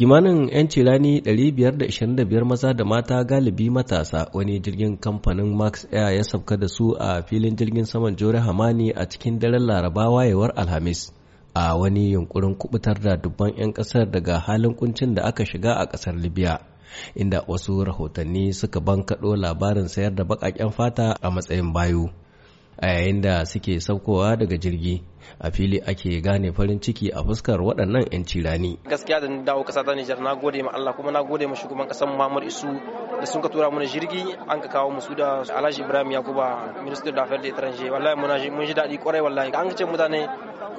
kimanin 'yan cilani 525 maza da mata galibi matasa wani jirgin kamfanin max air ya sauka da su a filin jirgin saman jore hamani a cikin daren laraba wayewar alhamis a wani yunkurin kubutar da dubban 'yan kasar daga halin kuncin da aka shiga a kasar libya inda wasu rahotanni suka bankaɗo labarin sayar da baƙaƙen fata a matsayin bayu a yayin da suke saukowa daga jirgi a fili ake gane farin ciki a fuskar waɗannan 'yan cirani gaskiya da dawo kasa ta nijar na gode ma allah kuma na gode ma shugaban ƙasar muhammad isu da sun ka tura mana jirgi an ka kawo musu da alhaji ibrahim yakuba minister da affaires de wallahi mun ji daɗi kwarai wallahi an ka ce mutane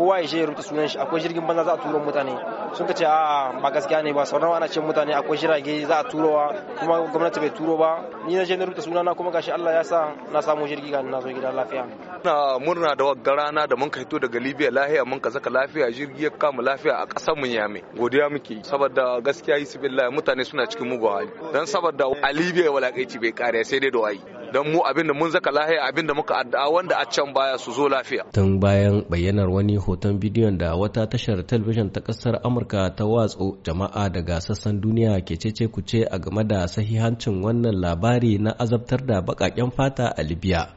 kowa ya je rubuta sunan shi akwai jirgin banza za a turo mutane sun ka ce a ba gaskiya ne ba sauran ana ce mutane akwai jirage za a wa kuma gwamnati bai turo ba ni na je na rubuta sunana kuma gashi Allah ya sa na samu jirgi ga na zo gida lafiya na murna da wagga rana da mun ka hito daga Libya lafiya mun ka saka lafiya jirgi ya kama lafiya a kasar mu Yame godiya muke saboda gaskiya yi mutane suna cikin mugu hali dan saboda a Libya walakaici bai kare sai dai a wayi don mu abin da mun zaka lahiya abin da muka addu'a wanda a can baya su zo lafiya tun bayan bayyanar wani hoton bidiyon da wata tashar talabijin ta kasar amurka ta watso jama'a daga sassan duniya ke cece ce a game da sahihancin wannan labari na azabtar da baƙaƙen fata a libya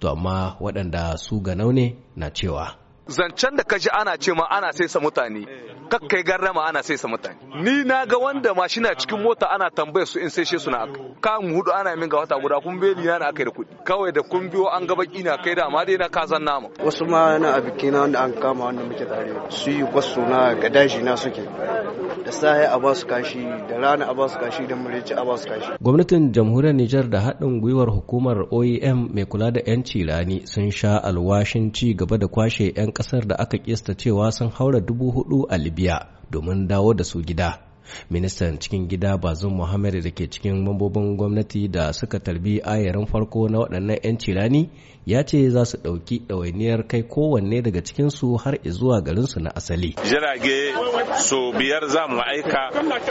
to amma waɗanda su ganau ne na cewa zancen da ka ji ana ce ma ana sai sa mutane kakkai garrama ana sai sa mutane ni na ga wanda mashina cikin mota ana tambayar su in sai she suna aka kamu hudu ana min ga wata guda kun ni na aka da kuɗi kawai da kun biyo an gaba kina kai da ma dai na kazan nama wasu ma na a na wanda an kama wanda muke tare su yi gwasso na ga daji na suke da sahi a basu kashi da rana a basu kashi da murici a basu kashi gwamnatin jamhuriyar Nijar da haɗin gwiwar hukumar OEM mai kula da 'yanci rani sun sha alwashin ci gaba da kwashe 'yan Kasar da aka kista cewa sun haura dubu hudu a libya domin dawo da su gida ministan cikin gida bazum muhammad da ke cikin mambobin gwamnati da suka tarbi ayarin farko na waɗannan 'yan cirani ya ce za su ɗauki ɗawainiyar kai kowanne daga cikinsu har zuwa garinsu na asali jirage so biyar za mu aika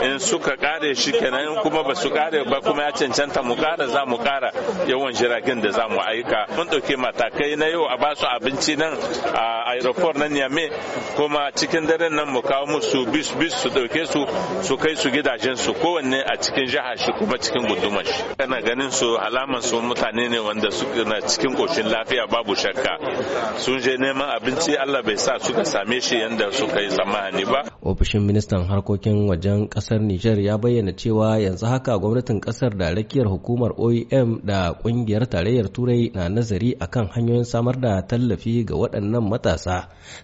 in suka kare shi kenan in kuma ba su kare ba kuma ya cancanta mu kara za mu kara yawan jiragen da za mu aika mun ɗauki matakai na yau a ba su abinci nan a aeroport na niamey kuma cikin daren nan mu kawo musu bis bis su ɗauke su su kai su gidajen su kowanne a cikin jihar shi kuma cikin gundumar shi kana ganin su alaman su mutane ne wanda su na cikin koshin lafiya babu shakka sun je neman abinci Allah bai sa suka same shi yanda suka yi tsammani ba ofishin ministan harkokin wajen kasar niger ya bayyana cewa yanzu haka gwamnatin kasar da rakiyar hukumar OEM da kungiyar tarayyar Turai na nazari akan hanyoyin samar da tallafi ga waɗannan matasa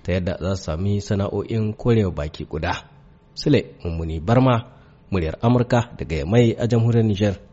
ta yadda za su sami sana'o'in korewa baki guda. Sule Mummuni Barma, muryar Amurka daga Yamai a jamhuriyar niger